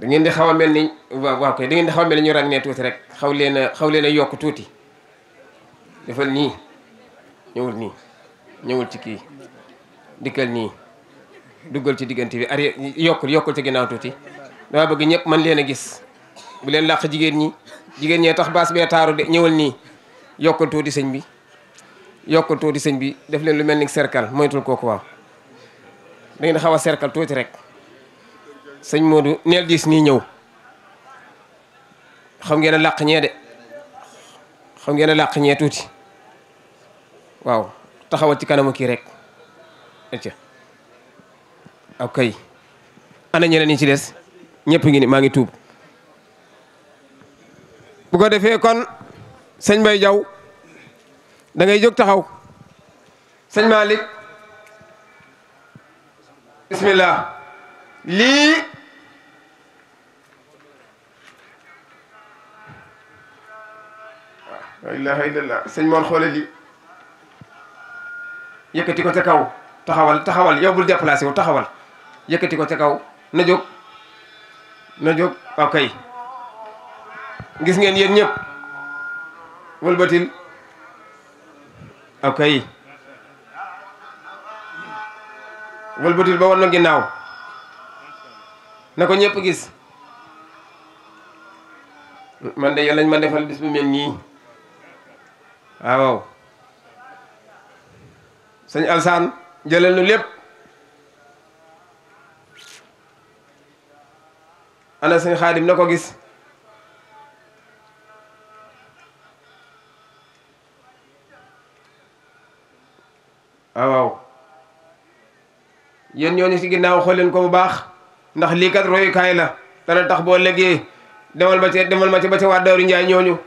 da ngeen di xaw a mel ni waaw waaw kay xaw a mel ni ñu ràññee tuuti rek xaw leen a xaw a yokk tuuti defal nii ñëwul nii ñëwul ci kii dikkal nii duggal ci diggante bi yokkul yokkul ci ginnaaw tuuti dama bëgg ñëpp man leen a gis bu leen làq jigéen ñi jigéen ñee tax baas bee taaru de ñëwal nii yokkal tuuti sëñ bi yokkal tuuti sëñ bi def leen lu mel ni cercle moytul kooku waaw da ngeen xaw a tuuti rek sëñ Modou neel diis nii ñëw xam ngeen a làq ñee de xam ngeen a làq ñee tuuti waaw taxawal ci kanamu kii rek acca aw kay ana ñeneen ñi ci des ñëpp ngi ni maa ngi tuub bu ko defee kon sëñ Mbaye Diaw da ngay jóg taxaw sëñ Malick bismillah lii la ilaha illallah sëñ moor xoole yëkkati ko ca kaw taxawal taxawal yow bul déplacé taxawal yëkkati ko ca kaw na jóg na jóg waaw gis ngeen yéen ñëpp wëlbatil waaw kay wëlbatil ba wan na ginnaaw na ko ñëpp gis man de yàlla lañ ma defal bis bu mel nii Ah, waaw sëñ Alsaan jëlal nu lépp ana sëñ Xaadim na ko gis ah, waaw yéen ñoo ni si ginnaaw xool leen ko bu baax ndax lii kat royukaay la dana tax boo lëggee demal ba ci demal ma ci ba ci waa Daaru Njaay ñooñu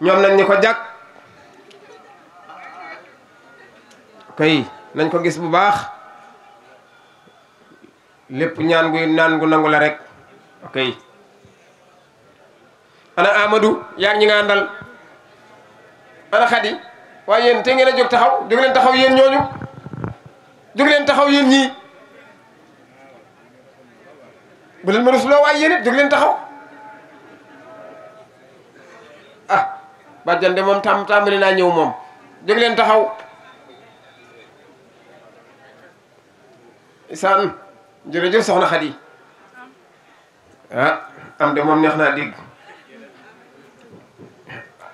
ñoom nañ ñu ko jàkk kay nañ ko gis bu baax lépp ñaan gu naan gu nangu la rek ok ana Amadou yaa ngi ñi nga àndal ana Khady waaye yéen te ngeen a jóg taxaw jóg leen taxaw yéen ñooñu jóg leen taxaw yéen ñii bu leen ma rusloo waaye yéen it taxaw ah bàjjan de moom naa ñëw moom jóg leen taxaw isaan jërëjëf soxna Xadi ah, am de moom neex dégg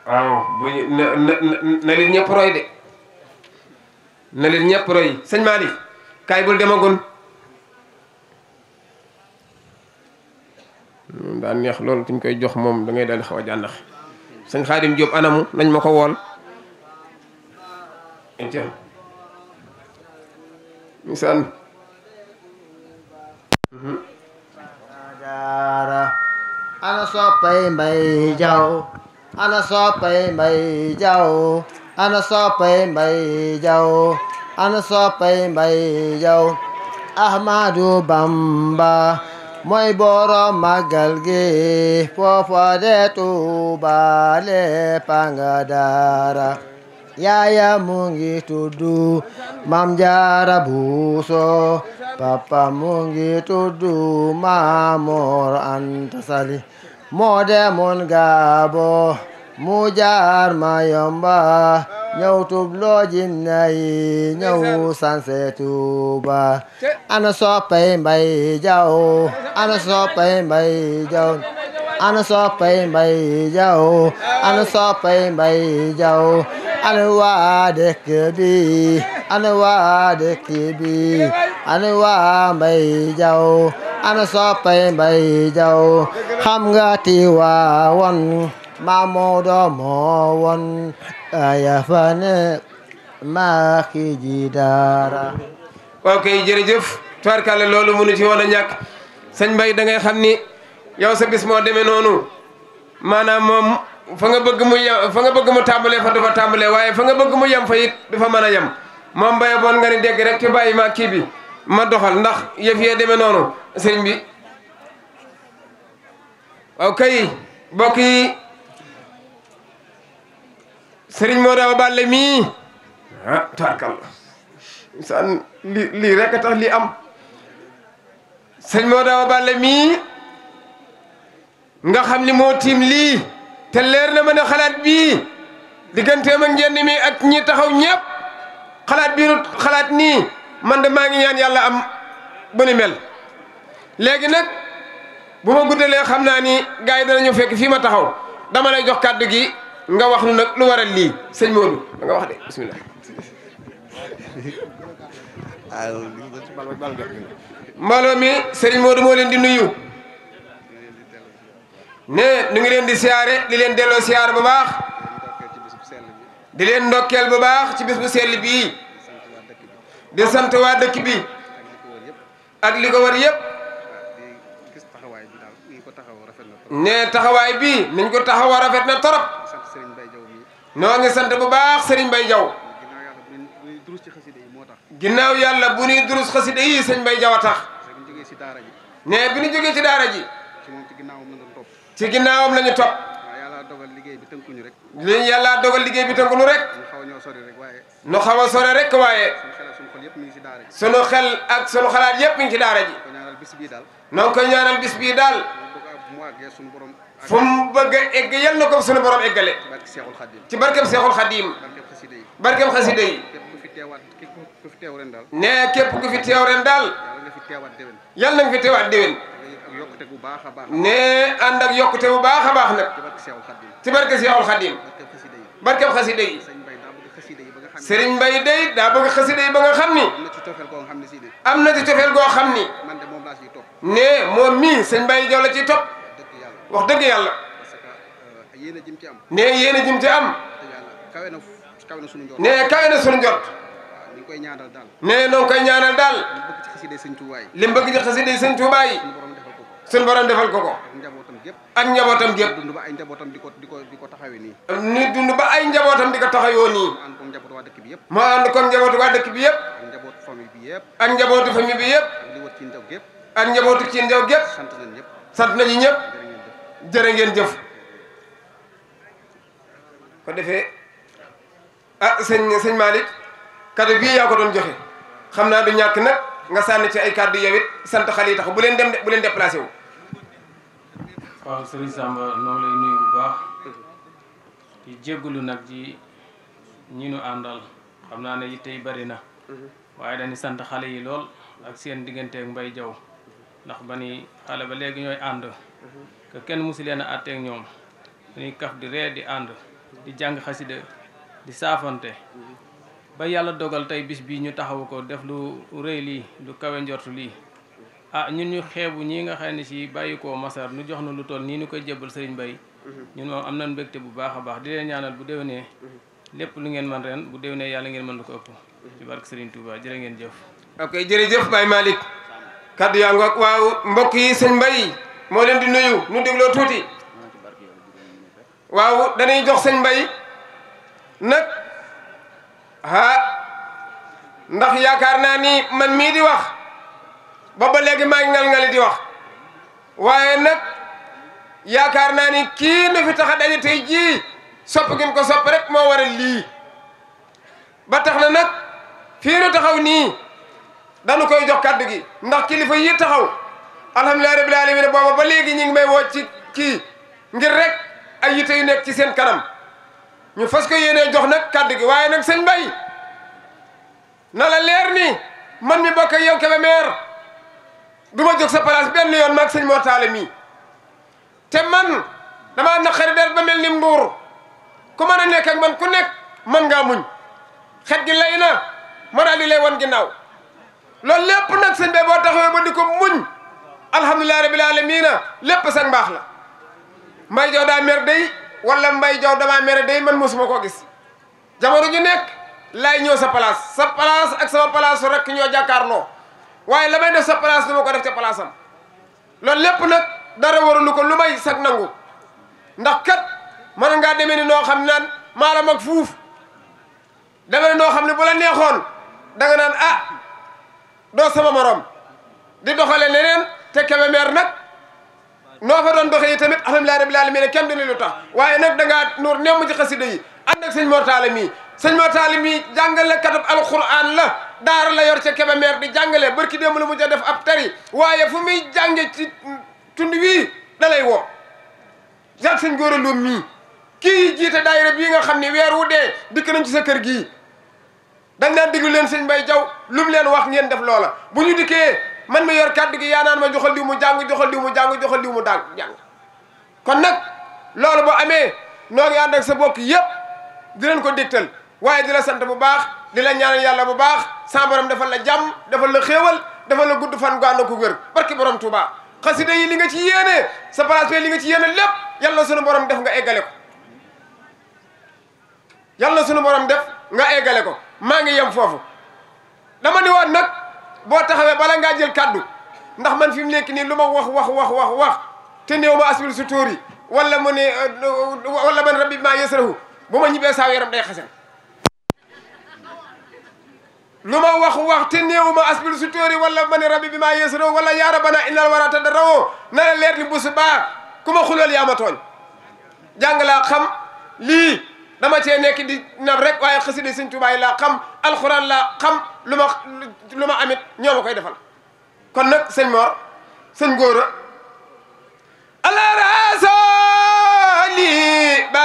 waaw bu na na na leen roy de na leen roy sëñ Malick kaay bul demagun moom daa neex loolu kuñ koy jox moom da daal di xaw a jàndax sëñ Xaadim Diop anamu nañ ma ko wool incha allah jaara ana soppay mbay jaw ana soppay mbay jaw ana soppay mbay jaw ana soppay mbay jaw ahmadu bamba mooy borom magal gi foofo de tuuba le yaaya mu ngi tuddu maam jaara buuso papa mu ngi tuddu maamoor anta sali moo demoon gaabo mu jaar mayomba ñëw tubloo jinne yi ñëw sanse tuuba ana soppay mbay jaw ana soppay mbay jaw अन सबै मैजाऊ अन सबै मैजाऊ अनुवाद कवि अनुवाद कवि अनुवा मैजाऊ अन सबै मैजाऊ हम गति वावन मामोद Movan ayafan maaki ji daara ok jërëjëf tubaarkàlla loolu mënu ci woon a ñàkk sëñ Mbaye da ngay ni yow sa bis moo demee noonu maanaam moom fa nga bëgg mu yem fa nga bëgg mu tàmbalee fa du fa tàmbalee waaye fa nga bëgg mu yem fa it du fa mën a yem moom baye boon nga degg dégg rek te bàyyi ma kii bi ma doxal ndax yëf yee demee noonu sëriñ bi waaw kay bokk yi sëriñ moo daaw bàlle mii ah li lii rek tax li am sëriñ moo daaw bàlle nga xam ni moo tiim lii te leer na mën a xalaat bii digganteem ak njënd mi ak ñi taxaw ñëpp xalaat bii xalaat nii man de maa ngi ñaan yàlla am bu ni mel. léegi nag bu ma guddalee xam naa ni gars yi danañu fekk fii ma taxaw dama lay jox kàddu gi nga wax nu nag lu waral lii sëñ Modou nga wax de bismillah. mbooloo mi sëriñ Modou moo leen di nuyu. ne nu ngi leen di siyaare di leen delloo siyaar bu baax di leen ndokkeel ba baax ci bis bu sell bii di sant waa dëkk bi ak li ko war yëpp ne taxawaay bi nañ ko taxawoo rafet na torop noo ngi sant bu baax Serigne Mbaye Diaw ginnaaw yàlla bu ñuy durus xasida yi Serigne Mbaye Diaw a tax ne bi ñu jógee ci daara ji ci ginnaawam la ñu topp. waaw yàlla dogal liggéey bi tënkuñu rek. li yàlla dogal liggéey bi tënkuñu rek. ñu xaw ñoo sori rek waaye. ñu xaw a sori rek waaye. sunu xel ak sunu xalaat yëpp mi ngi ci daara ji. noo ko ñaanal bis bii daal. fu mu bëgg a egg yal na ko sunu borom eggale. ci barkeb Seexul Xadiim. barkeb xasida yi. ne képp ku fi teew ren daal. yal na nga fi teewaat déwén. nee ànd ak yokkute bu baax a baax nag ci barke Seexul Xadim barkeb xasida yi Serigne Mbaye day daa bëgg xasida yi ba nga xam ni am na ci cofeel goo xam ni nee moom mii sëñ Mbaye Diaw la ciy topp wax dëgg yàlla nee yéen a jëm ci am nee kawe na sunu njort. nee noo ngi koy ñaanal daal li bëgg ci xasida sëñ Tuubaa suñ borom defal ko ko. njabootam gépp. ak njabootam gépp. dund ba ay njabootam di ko di ko taxawee nii. ni dund ba ay njabootam di ko taxawoo nii. mu waa dëkk bi yëpp. mu ànd ko njabootu waa dëkk bi yëpp. ak njabootu famille bi yëpp. ak njabootu famille bi yëpp. ak njabootu ci ndaw gépp. ak ci ndaw gépp. sant nañ ñëpp. sant nañu ñëpp. jërë ngeen jëf ko defee ah sëñ sëñ Malick kaddu bii yaa ko doon joxe xam naa du ñàkk nag. nga sànni ci ay kàddu yow sant xale yi tax bu leen dem bu leen déplacé wu. waaw sëriñ Samba noo lay nuyu di jégalu nag ji ñi nu àndal xam naa ne tey bari na waaye dañuy sant xale yi lool ak seen digganteeg Mbaye Diaw ndax ba ni xale ba léegi ñooy ànd que kenn musu leen a àtteeg ñoom dañuy kaf di ree di ànd di jàng xasida di saafante ba yàlla dogal tey bis bi ñu taxaw ko def lu rëy lii lu kawe njortu lii ah ñun ñu xeebu ñi nga xam ne si bàyyi koo Masar nu jox na lu toll nii ñu koy jébbal sëriñ Bay mhm. ñu moom am na mbégte bu baax a baax di leen ñaanal bu nee mhm. lépp lu ngeen man ren bu nee yàlla ngeen mën lu ko ëpp mhm. ci barke sëriñ Touba jërë ngeen jëf ok jërëjëf Baye Malick kaddu yaa ngoog waaw mbokk yi sëñ Mbay moo leen di nuyu nu dégloo tuuti waaw dañuy jox sëñ Mbay nag ah ndax yaakaar naa ni man mii di wax ba ba léegi maa ngi ngal-ngali di wax waaye nag yaakaar naa ni kii na fi tax a daje tey jii sopp ngeen ko sopp rek moo waral lii ba tax na nag fii nu taxaw nii dañu koy jox kàddu gi ndax kilifa yi taxaw alhamdulilah rabbil alamin booba ba léegi ñu may woo ci kii ngir rek ay yite yu nekk ci seen kanam ñu fas ko yéenee jox nag kàdd gi waaye nag sëñ Mbaye na leer ni man mi bokk ak yow Kébémer du ma jóg sa place benn yoon maag sëñ Mor Talla mii te man damaa naqari der ba mel ni mbuur ku mën a nekk man ku nekk man ngaa muñ xet gi lay na ma daal di lay wan ginnaaw loolu lépp nag sëñ bi boo taxawee ba di ko muñ alhamdulilah rabil alamina lépp sax mbaax la mbay joo daa mer wala mbay jaw damaa mere day man mosuma koo gis jamono ju nekk laay ñëw sa place sa place ak sama place su rek ñoo jàkkaarloo waaye la may def sa place du ma ko def ca place am loolu lépp nag dara waralu ko lu may sag nangu ndax kat mën ngaa demee ni noo xam naan maa la mag fuuf demee ni noo xam ne bu la neexoon danga naan ah doo sama moroom di doxale leneen te Kébémer nag noo fa doon doxee yi tamit alhamdulilah rabbil alamin kenn du ne lu tax waaye nag da ngaa nuur nemm ci xasida yi ànd ak sëñ mortaale mii sëñ mortaale mii jàngale katab alquran la daara la yor ca Kébémer di jàngale barki démb la mu ca def ab tari waaye fu muy jànge ci tund wii dalay woo jàpp sëñ góor a loom mii kii jiite daayira bii nga xam ne weer wu dee dikk nañ ci sa kër gii dañ naan déglu leen sëñ Mbay Jaw lu mu leen wax ngeen def loola bu ñu dikkee man mi yor kàddu gi yaa naan ma joxal diw mu jàng joxal diw mu jàng joxal diw mu daal jàng kon nag loolu bu amee noo ngi ànd sa bokk yëpp di leen ko dégtal waaye di la sant bu baax di la ñaanal yàlla bu baax sa defal dafa la jàmm defal la xéewal dafa la gudd fan gu ànd ak wér barki borom Touba xasida yi li nga ci yéene sa place bi li nga ci yéene lépp yàlla sunu borom def nga eggale ko yàlla sunu def nga eggale ko maa ngi yem foofu dama ni nag. boo taxawee bala ngaa jël kàddu ndax man fi mu nekk nii lu ma wax wax wax wax wax te néew ma asbil su tóor yi wala mu ne wala man maa yasrahu bu ma ñibbee saa yaram day xasan lu ma wax wax te néew ma asbil su tóor yi wala ma ne rabbi bi maa yasrahu wala yaa rabbana innal wara tadarawoo na leer ni bu subaa ku ma xulal yaa ma tooñ jàng lii dama cee nekk di nab rek waaye xasida sëñ Tuubaa yi laa xam alxuraan laa xam lu amit ñoo koy defal kon nag sëñ Mor sëñ Góora ala rasali ba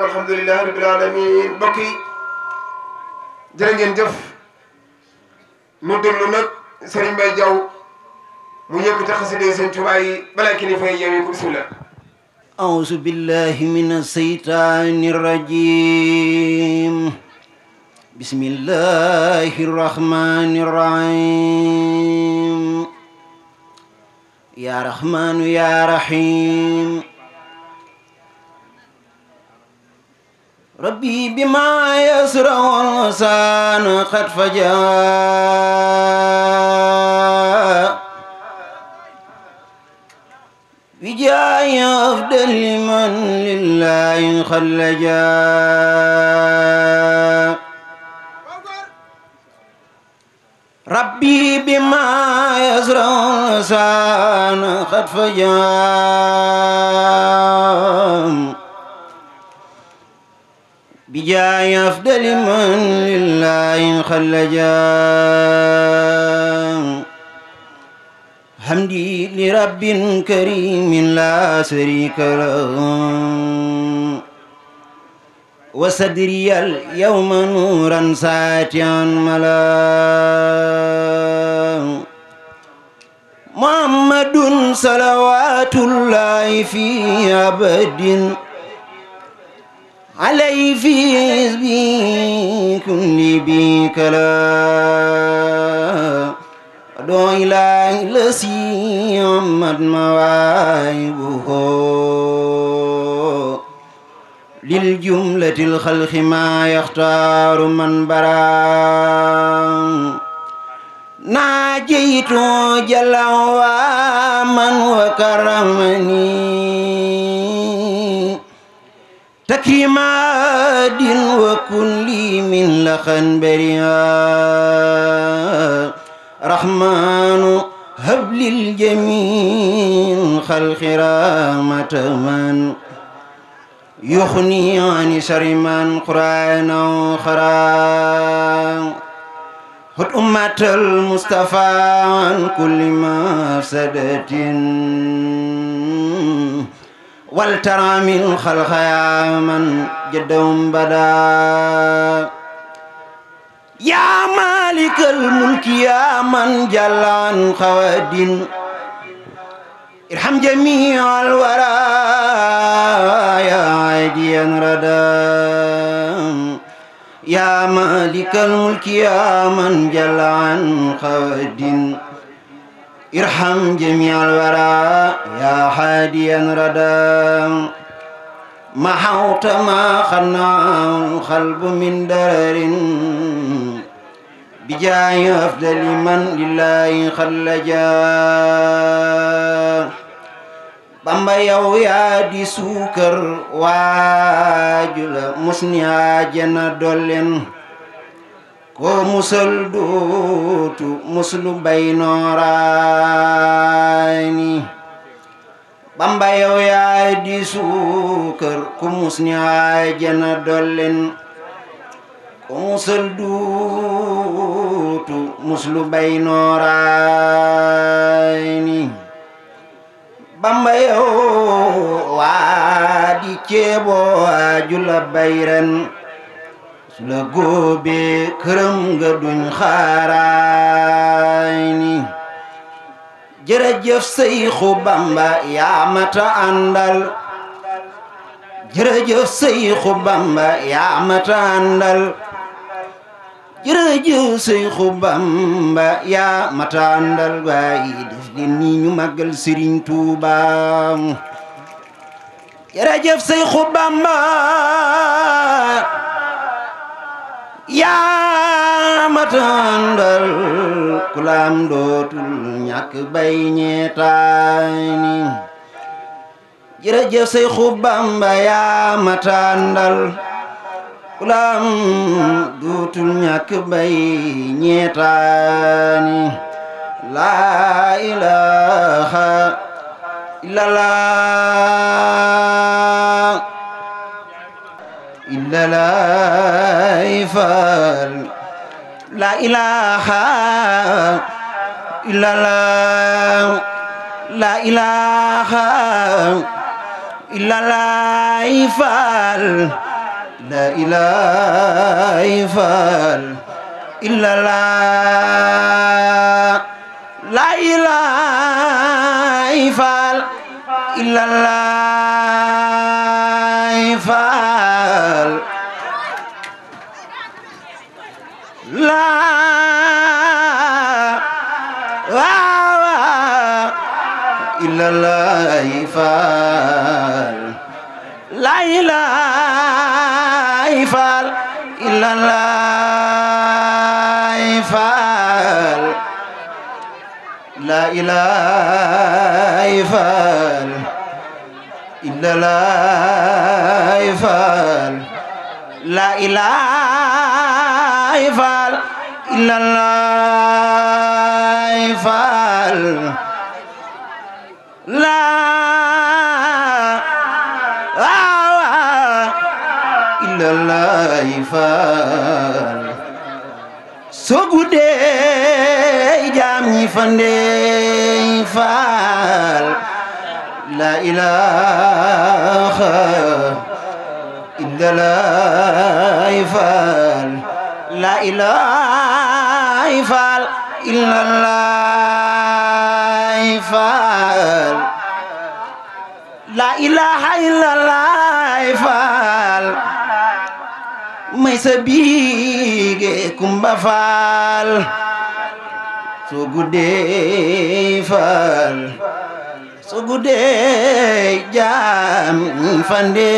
alhamdulilah rabbil alamin mbokk yi jërë ngeen jëf nu déglu nag Serigne Mbaye Diaw mu yëkkati xasida seen tubaay yi balaa kilifa yi yewee ko bismillah أعوذ بالله من الشيطان الرجيم بسم الله الرحمن الرحيم يا رحمن يا رحيم ربي بما يسرع الإنسان قد فجاء بجاه أفضل من لله خلجا ربي بما يزرع الإنسان قد فجاء بجاه أفضل من لله خلجا حمدي لرب كريم لا شريك له وصدري اليوم نورا ساتيا ملا محمد صلوات الله في أبد علي في بكل بكلا دو إله لسي عمد مواهبه للجملة الخلق ما يختار من برا ناجيت جل ومن وكرمني اعتماد وكل من لخنبرها رحمن هب للجميع خلق رامة من يخني عن شر من قرآن أخرى هد أمة المصطفى عن كل مفسدة والترى من خلق يا من جدهم بدا يا مالك الملك يا من جل عن خواد ارحم جميع الورى يا عاديا ردا يا مالك الملك يا من جل عن خواد ارحم جميع الورى يا هاديا ردا محوت ما خنا القلب من درر بجاه أفضل من لله خلجا bamba yow yaa di suukar waaju la mus ni ajana dollen ko musal dootu muslu bay nooraani bamba yow yaay di suukar ku mus ni àjjana dollen ku musal duutu muslu bay nooraay ni bamba yow waa ceeboo aju la bay ren su këram nga duñ xaaraay ni jërëjëf Seyxu Bamba yaa mata àndal jërëjëf Seyxu Bamba yaa mata àndal jërëjëf Seyxu Bamba yaa mata àndal def leen nii ñu màggal Sëriñ Tuuba jërëjëf Seyxu Bamba yaa ma tàndal ku laam dootul ñàkk bay ñeetaani jërëjëf say xubamba yaa ma ku laam dootul ñàkk bay ñeetaani laa ilaha illallah إلا لا يفعل لا إله إلا الله لا إله إلا لا يفعل لا إله يفعل إلا لا لا إله يفعل إلا الله lay faal lay lay faal illa lay faal lay lay faal illa lay faal lay lay faal illa lay faal lay faal soo guddee jaam ñi fandeey faal la ilaaha faal la ilaaha faal illa lay faal ilaaha illallaah faal may sa faal soo guddee jaam fande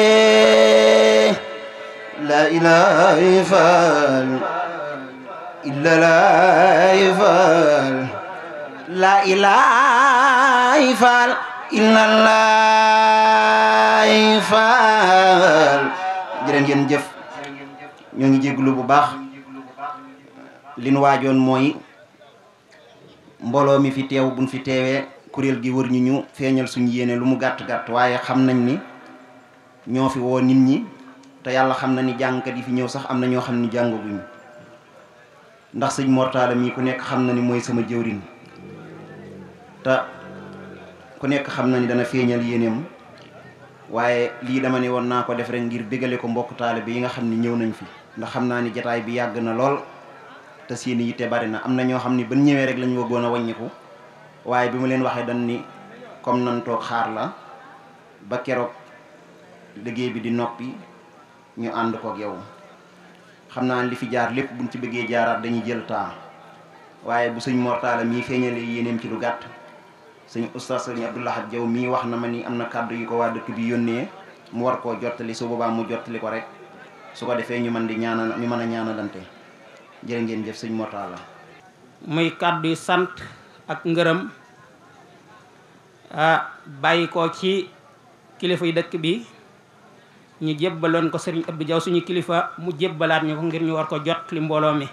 laa ilaaha faal laa ilaha faal illa lay faal ngeen jëf ñoo ngi jéglu bu baax li nu waajoon mooy mbooloo mi fi teew buñ fi teewee kuréel gi wër ñu ñu feeñal suñu yéene lu mu gàtt-gàtt waaye xam nañ ni ñoo fi woo nit ñi te yàlla xam na ni jàngkat yi fi ñëw sax am na ñoo xam ni jàngaguñu ndax sëñ Mortala mii ku nekk xam na ni mooy sama jëwriñ te ku nekk xam nañ dana feeñal yéeneem waaye lii dama ne woon naa ko def rek ngir bégale ko mbokk bi yi nga xam ne ñëw nañ fi ndax xam naa ni jataay bi yàgg na lool te seen yitte bari na am na ñoo xam ne ban ñëwee rek lañ wëggoon a wàññiku waaye bi mu leen waxee dañ ni comme nan toog xaar la ba keroog liggéey bi di noppi ñu ànd koog yow xam naa li fi jaar lépp buñ ci bëggee jaaraat dañuy jël temps waaye bu sëñ Mor Talla mii feeñalee yéeneem ci lu gàtt suñu oustaz sëñ Abdoulahat Jaw mii wax na ma ni am na kàddu yu ko waa dëkk bi yónnee mu war koo jottali su boobaa mu jottali ko rek su ko defee ñu mën di ñaanal ñu mën a ñaanalante jërë ngeen jëf sëñ Mortalla muy kàddu yu sant ak ngërëm ah bàyyi ko ci kilifa yu dëkk bi ñu jébbaloon ko sëriñ Abdou Diaw suñu kilifa mu jébbalaat ñu ko ngir ñu war ko jot mbooloo mi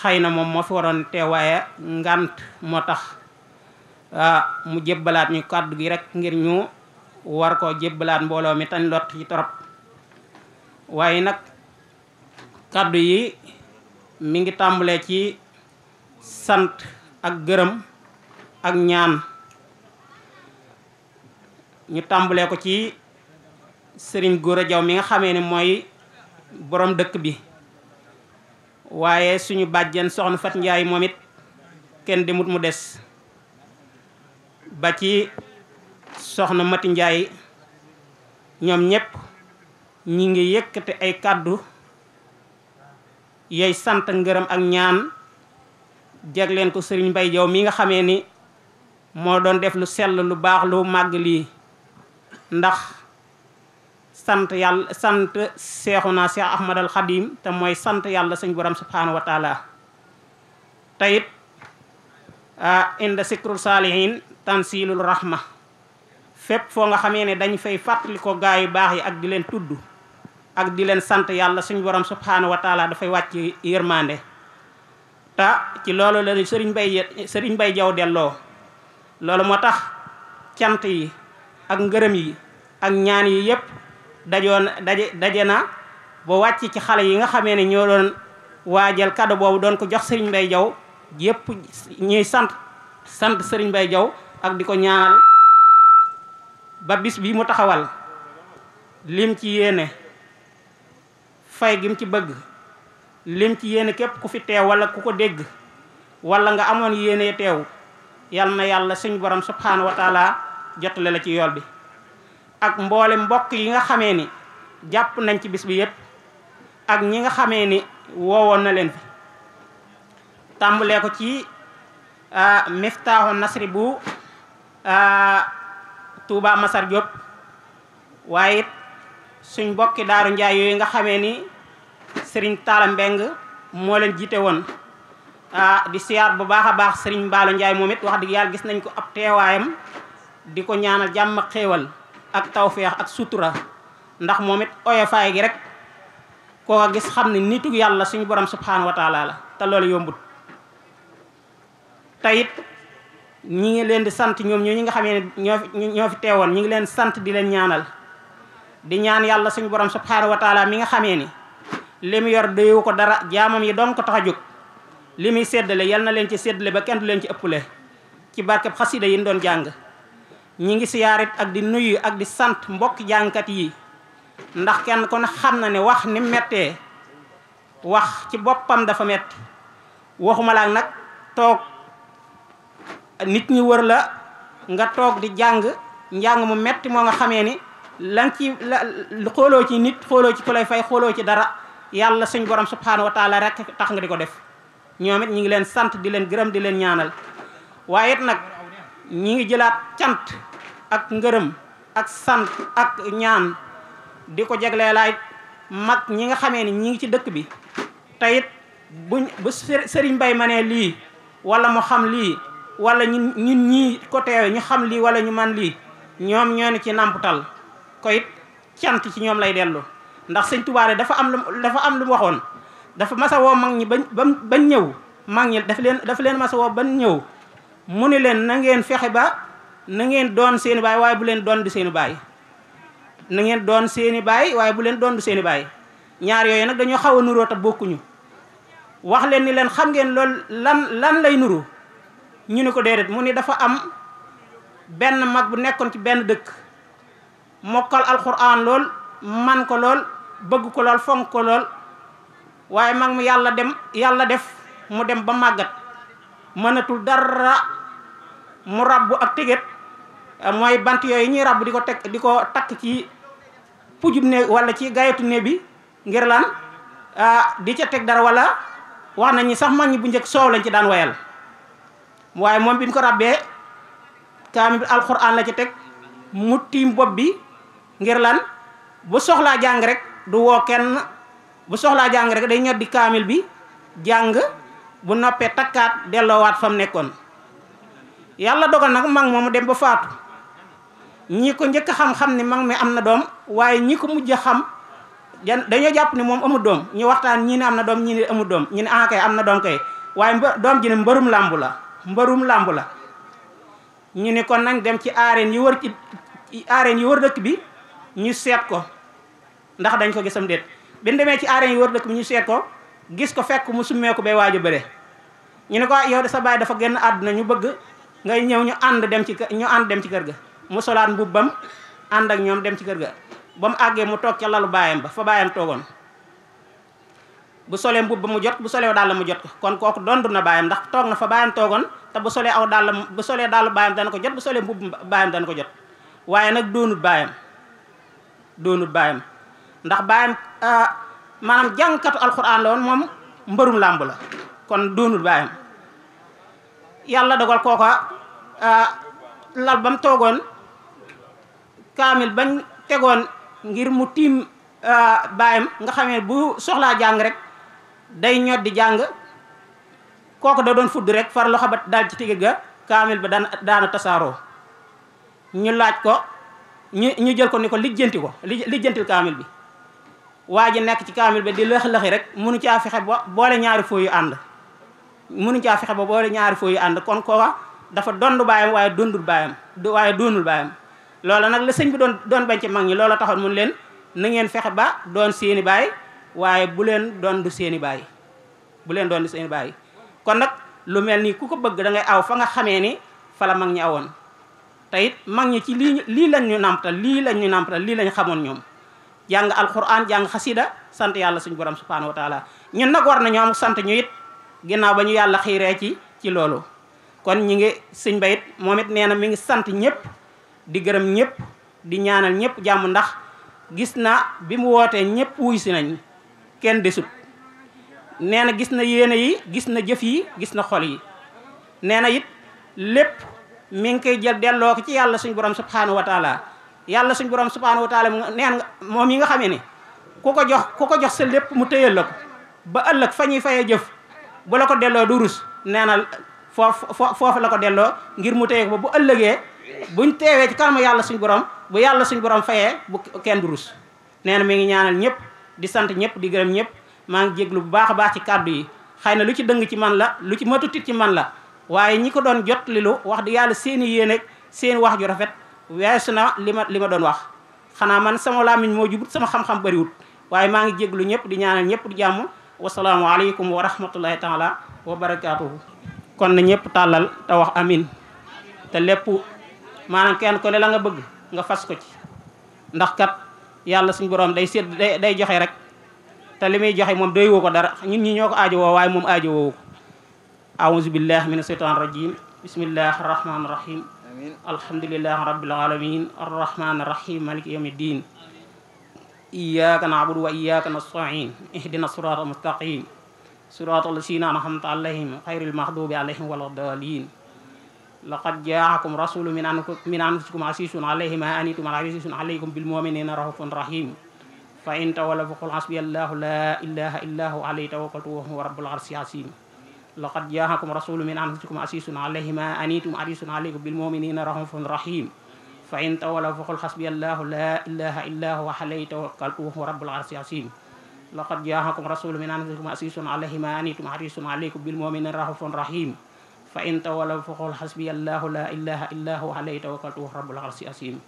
xëy na moom moo fi waroon teewaaye ngant moo tax Ah, mu jébbalaat ñu kàddu gi rek ngir ñu war ko jébbalaat mbooloo mi tañ lott ci torop waaye nag kàddu yi mi ngi tàmbalee ci sant ak gërëm ak ñaan ñu tàmbalee ko ci sëriñ Gora Diaw mi nga xamee ni mooy boroom dëkk bi waaye suñu bàjjen soxna Fat Njaay moom it kenn di mut mu des ba ci soxna Mati Njaay ñoom ñépp ñi ngi yëkkati ay kàddu yay sant ngërëm ak ñaan leen ko sëriñ Mbay Jaw mi nga xamee ni moo doon def lu sell lu baax lu màgg lii ndax sant yàlla sant seexu naa Seex Ahmadal Xadim te mooy sant yàlla suñ borom subhanahu wa teyit ah, inda sikrul saalihin tansilul rahma fépp foo nga xamee ne dañ fay fàttali ko gaa yu baax yi ak di leen tudd ak di leen sant yàlla suñ borom subhaanahu wa dafay wàcc yërmande te ci loolu la sëriñ bay sëriñ bay jaw delloo loolu moo tax cant yi ak ngërëm yi ak ñaan yi yépp dajoon daje daje na boo wàcc ci xale yi nga xamee ne ñoo doon waajal kado boobu doon ko jox sëriñ bay jaw yépp ñuy sant sant sëriñ bay jaw ak di ko ñaanal ba bis bi mu taxawal lim ci yéene fay gi mu ci bëgg lim ci yéene képp ku fi teew wala ku ko dégg walla nga amoon yéene teew yal na yàlla suñ borom subhanahu wa taala la ci yool bi ak mboole mbokk yi nga xamee ni jàpp nañ ci bis bi yépp ak ñi nga xamee ni woowoon na leen fi tàmbalee ko ci ah, miftaaxu nasri bu Ah, Touba Masar Diop waaye it suñ bokki daaru njaay yooyu nga xamee ni sëriñ Talla Mbeng moo leen jiite woon ah, di siyaar bu baax a baax sëriñ Mbaalo Njaay moom it wax dëgg yàlla gis nañ ko ab teewaayam di ko ñaanal jàmm xéewal ak tawfeex ak sutura ndax moom it oyofaay gi rek koo gis xam ne nitu yàlla suñu borom subhanahu wa la te loolu yombut tayit ñi ngi leen di sant ñoom ñoo ñi nga xamee ne ñoo fi ñoo fi teewoon ñi ngi leen sant di leen ñaanal di ñaan yàlla suñu boroom subhaanahu wa mi nga xamee ni li mu yor doyu ko dara jaamam yi doon ko tax a jóg li muy séddale yal na leen ci séddale ba kenn du leen ci ëppale ci barkeb xasida yi ñu doon jàng ñi ngi siyaarit ak di nuyu ak di sant mbokki jàngkat yi ndax kenn kon xam na ne wax ni mettee wax ci boppam dafa metti waxuma nag toog nit ñi wër la nga toog di jàng njàng mu metti moo nga xamee ni lan ci la xooloo ci nit xooloo ci ku lay fay xooloo ci dara yàlla suñ borom subhanahu wa taala rek tax nga di ko def ñoom it ñi ngi leen sant di leen gërëm di leen ñaanal waaye it nag ñi ngi jëlaat cant ak ngërëm ak sant ak ñaan di ko jeglee laay mag ñi nga xamee ni ñi ngi ci dëkk bi te it bu sëriñ bay ma nee lii wala mu xam lii wala ñu ñun ñii ko teewe ñu xam lii wala ñu man lii ñoom ñoo ni ci nàmputal ko cant ci ñoom lay dellu ndax sëñ Tuubaa dafa am lu dafa am lu waxoon dafa masa woo mag ñi ba bañ ñëw mag ñi dafa leen dafa leen masa woo ban ñëw mu ni leen na ngeen fexe ba na ngeen doon seeni baay waaye bu leen doon di seeni baay na ngeen doon seeni baay waaye bu leen doon du seeni baay ñaar yooyu nag dañoo xaw a nuroo te bokkuñu wax leen ni leen xam ngeen loolu lan lan lay nuru ñu ne ko déedéet mu ni dafa am benn mag bu nekkoon ci benn dëkk mokkal alxuraan lool man ko lool bëgg ko lool fonk ko lool waaye mag mu yàlla dem yàlla def mu dem ba màggat mënatul dara mu rabbu ak tëgét mooy bant yooyu ñuy ràbb di ko teg di ko takk ci pujub ne wala ci gayetu ne bi ngir lan ah, di ca teg dara wala wax nañu sax mag ñi bu njëkk soow lañ ci daan wayal waaye moom bi mu ko rabbee kaamil alxuraan la ci teg mu tiim bopp bi ngir lan bu soxlaa jàng rek du woo kenn bu soxlaa jàng rek day ñoddi kaamil bi jàng bu noppee takkaat delloowaat fa mu nekkoon yàlla dogal nag mag moomu dem ba faatu ñi ko njëkk xam-xam ni mag mi am na doom waaye ñi ko mujj xam dañoo jàpp ni moom amul doom ñu waxtaan ñii ne am na doom ñi ne amul doom ñu ne ah kay am na doom ky waaye doom ji ne mbërum làmbu la mbërum làmb la ñu ni kon nañ dem ci arène yi wër ci arène yi wër dëkk bi ñu seet ko ndax dañ ko gisam déet bi demee ci arène yi wër dëkk bi ñu seet ko gis ko fekk mu summee ko bay ah, waajo bare ñu ne ko yow de sa baay dafa génn àdduna ñu bëgg ngay ñëw ñu ànd dem ci ñu ànd dem ci kër ga mu solaat mbubbam ànd ak ñoom dem ci kër ga ba mu àggee mu toog ca lalu baayam ba fa baayam toogoon bu solee mbubb ba mu jot bu solee aw dàll mu jot kon kooku dondu na baayam ndax toog na fa baayam toogoon te bu solee aw dàll bu solee dàll baayam dana ko jot bu solee mbubb baayam dana ko jot waaye nag doonut baayam doonut baayam ndax baayam ah, maanaam jàngkatu alxuraan la woon moom mbërum làmb la kon doonut baayam yàlla dogal kooka ah, lal ba mu toogoon kaamil bañ tegoon ngir mu tiim ah, baayam nga xamee bu soxlaa jàng rek day ñod di jàng kooku da doon fudd rek far loxo ba dal ci tigg ga kaamil ba daan daana tasaaroo ñu laaj ko ñu ñu jël ko ni ko lijjanti ko lijjantil kaamil bi waa ji nekk ci kaamil bi di lëx-lëxi rek munu caa fexe ba boole ñaari foo yu ànd munu caa fexe ba boole ñaari foo yu ànd kon kooka dafa dond baayam waaye dondul baayam waaye doonul baayam loola nag la sëñ bi doon doon bañ ci mag ñi loola taxoon mun leen na ngeen fexe ba doon seeni baay waaye bu leen doon du seeni baay bu leen doon du seeni baay kon nag lu mel nii ku ko bëgg da ngay aw fa nga xamee ni fa la mag ñi awoon te it mag ñi ci lii lii lañ ñu nàmpatal lii lañ ñu nàmpatal lii lañ xamoon ñoom jàng alquran jàng xasida sant yàlla suñu borom subhanahu wa taala ñun nag war nañoo am sant ñu it ginnaaw ba ñu yàlla xiiree ci ci loolu kon ñi ngi suñ bayit moom it nee na mi ngi sant ñëpp di gërëm ñëpp di ñaanal ñëpp jàmm ndax gis naa bi mu wootee ñëpp wuy nañ kenn desut nee na gis na yéene yi gis na jëf yi gis na xol yi nee na it lépp mi ngi koy jël delloo ko ci yàlla suñ borom subhanahu wa yàlla suñ borom subhanahu wa taala neen moom yi nga xamee ne ku ko jox ku ko jox sa lépp mu tëyal la ko ba ëllëg fa ñuy fayee jëf bu la ko delloo du rus nee na foofu foofu la ko delloo ngir mu tëye ko ba bu ëllëgee buñ teewee ci kanamu yàlla suñ borom bu yàlla suñ borom fayee bu kenn du rus nee na ngi ñaanal ñëpp di sant ñëpp di gërëm ñëpp maa ngi jéglu bu baax a baax ci kàddu yi xëy na lu ci dëng ci man la lu ci matutit ci man la waaye ñi ko doon jot li lu wax di yàlla seeni yéene seeni wax ju rafet weesu na li ma li ma doon wax xanaa man sama làmmiñ moo jubut sama xam-xam bëriwut waaye maa ngi jéglu ñëpp di ñaanal ñëpp di jàmm wasalaamu aleykum wa rahmatullahi taala wa barakaatuhu kon na ñëpp tàllal te wax amin te lépp maanaam kenn ko ne la nga bëgg nga fas ko ci ndax yàlla suñu borom day sédd day joxe rek te li muy joxe moom doy woo ko dara ñun ñi ñoo ko aajo woo waaye moom aajo woo ko aouzu billahi min asheytan rajim bismillahi arrahmani irrahim alhamdulilahi rabbil alamin arrahmani irrahim maliki yawmi ddin iyaka na'budu wa iyaka nasta'in ihdina sirata mustaqim sirata allasina an'amta alayhim xayril mahdubi alayhim wala dalin laqad jaakum rasulu min anfusikum asisun alayhi ma anitum asisun alaykum bil muminina rahufun rahim fa in tawala fa qul hasbi allahu la ilaha illahu alayhi tawakkaltu wa huwa rabbul arsi asim laqad jaakum rasulu min anfusikum asisun alayhi ma anitum asisun alaykum bil muminina rahufun rahim fa in tawala fa qul hasbi allahu la ilaha illahu alayhi tawakkaltu wa huwa rabbul arsi asim laqad jaakum rasulu min anfusikum asisun alayhi ma anitum asisun alaykum bil muminina rahufun rahim fa in tawallaw faqul hasbiya allahu la ilaha illa huwa alayhi tawakkaltu rabbul arsi asim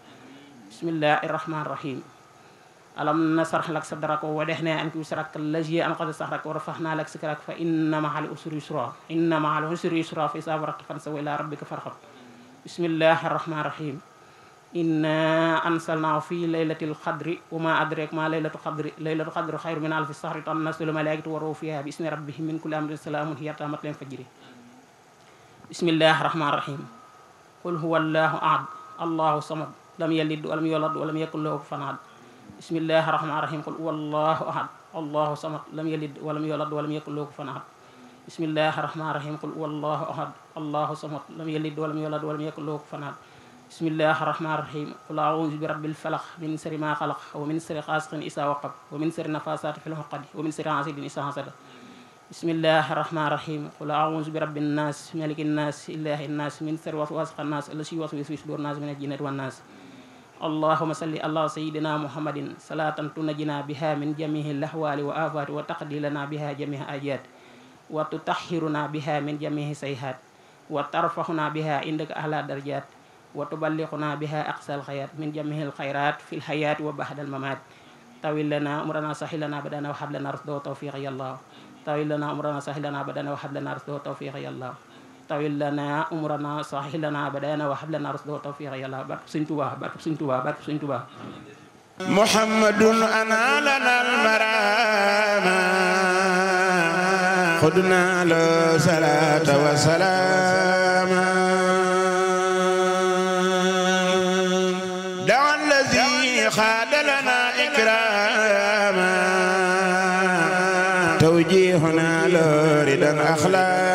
bismillahi rahmani rahim alam nasrah lak sadrak wa wadahna anka wizrak allazi anqadha sahrak wa rafa'na lak zikrak fa inna ma'al usri yusra inna ma'al usri yusra fa idha faragta fansab ila rabbika farghab bismillahi rahmani rahim inna ansalnahu fi laylatil qadri wa ma adraka ma laylatul qadri laylatul qadri khayrun min alfi shahrin tanazzalu malaa'ikatu wa ruuhu fiha bi izni rabbihim min kulli amrin salaamun hiya hatta matla'il fajri bismillahi rahmaani rahim qul huwa allahu ahad allahu samad lam yalid walam yolad walam yakun lahu kufuwan ahad bismillahi rahmaani rahim qul huwa allahu ahad allahu samad lam yalid walam yolad walam yakun lahu kufuwan ahad bismillahi rahmaani rahim qul huwa allahu ahad allahu samad lam yalid walam yolad walam yakun lahu kufuwan ahad bismillahi rahmaani rahim qul auzu bi rabbil falaq min sharri ma xalaq wa min sharri xaasiqin isaa waqab wa min sharri nafasaati fil uqad wa min sharri hasidin isaa hasada bismillahi rahmani rahim qul a'udhu bi rabbin nas malikin nas ilahin nas min sharri waswasil khannas allazi yuwaswisu fi sudurin nas min al-jinnati wan nas allahumma salli ala sayyidina muhammadin salatan tunajjina biha min jami'il ahwali wa afati wa taqdi lana biha jami'a ajat wa tutahhiruna biha min jami'i sayhat wa tarfa'una biha indaka ahla darajat wa tuballighuna biha aqsal khayat min jami'il khairat fil hayat wa ba'dal mamat tawil lana umrana sahil lana badana wa hab lana rusda wa tawfiqa ya allah tawil lana umrana sahil lana badana wa hablana rasuluhu tawfiqa yàlla tawil lana umrana sahil lana badana wa hablana rasuluhu tawfiqa yàlla barke Sëñ Tuubaa barke Sëñ Tuubaa barke Sëñ Tuubaa muhammadun ana lana almarama khudna la salata wa salama هنا لوردا أخلاق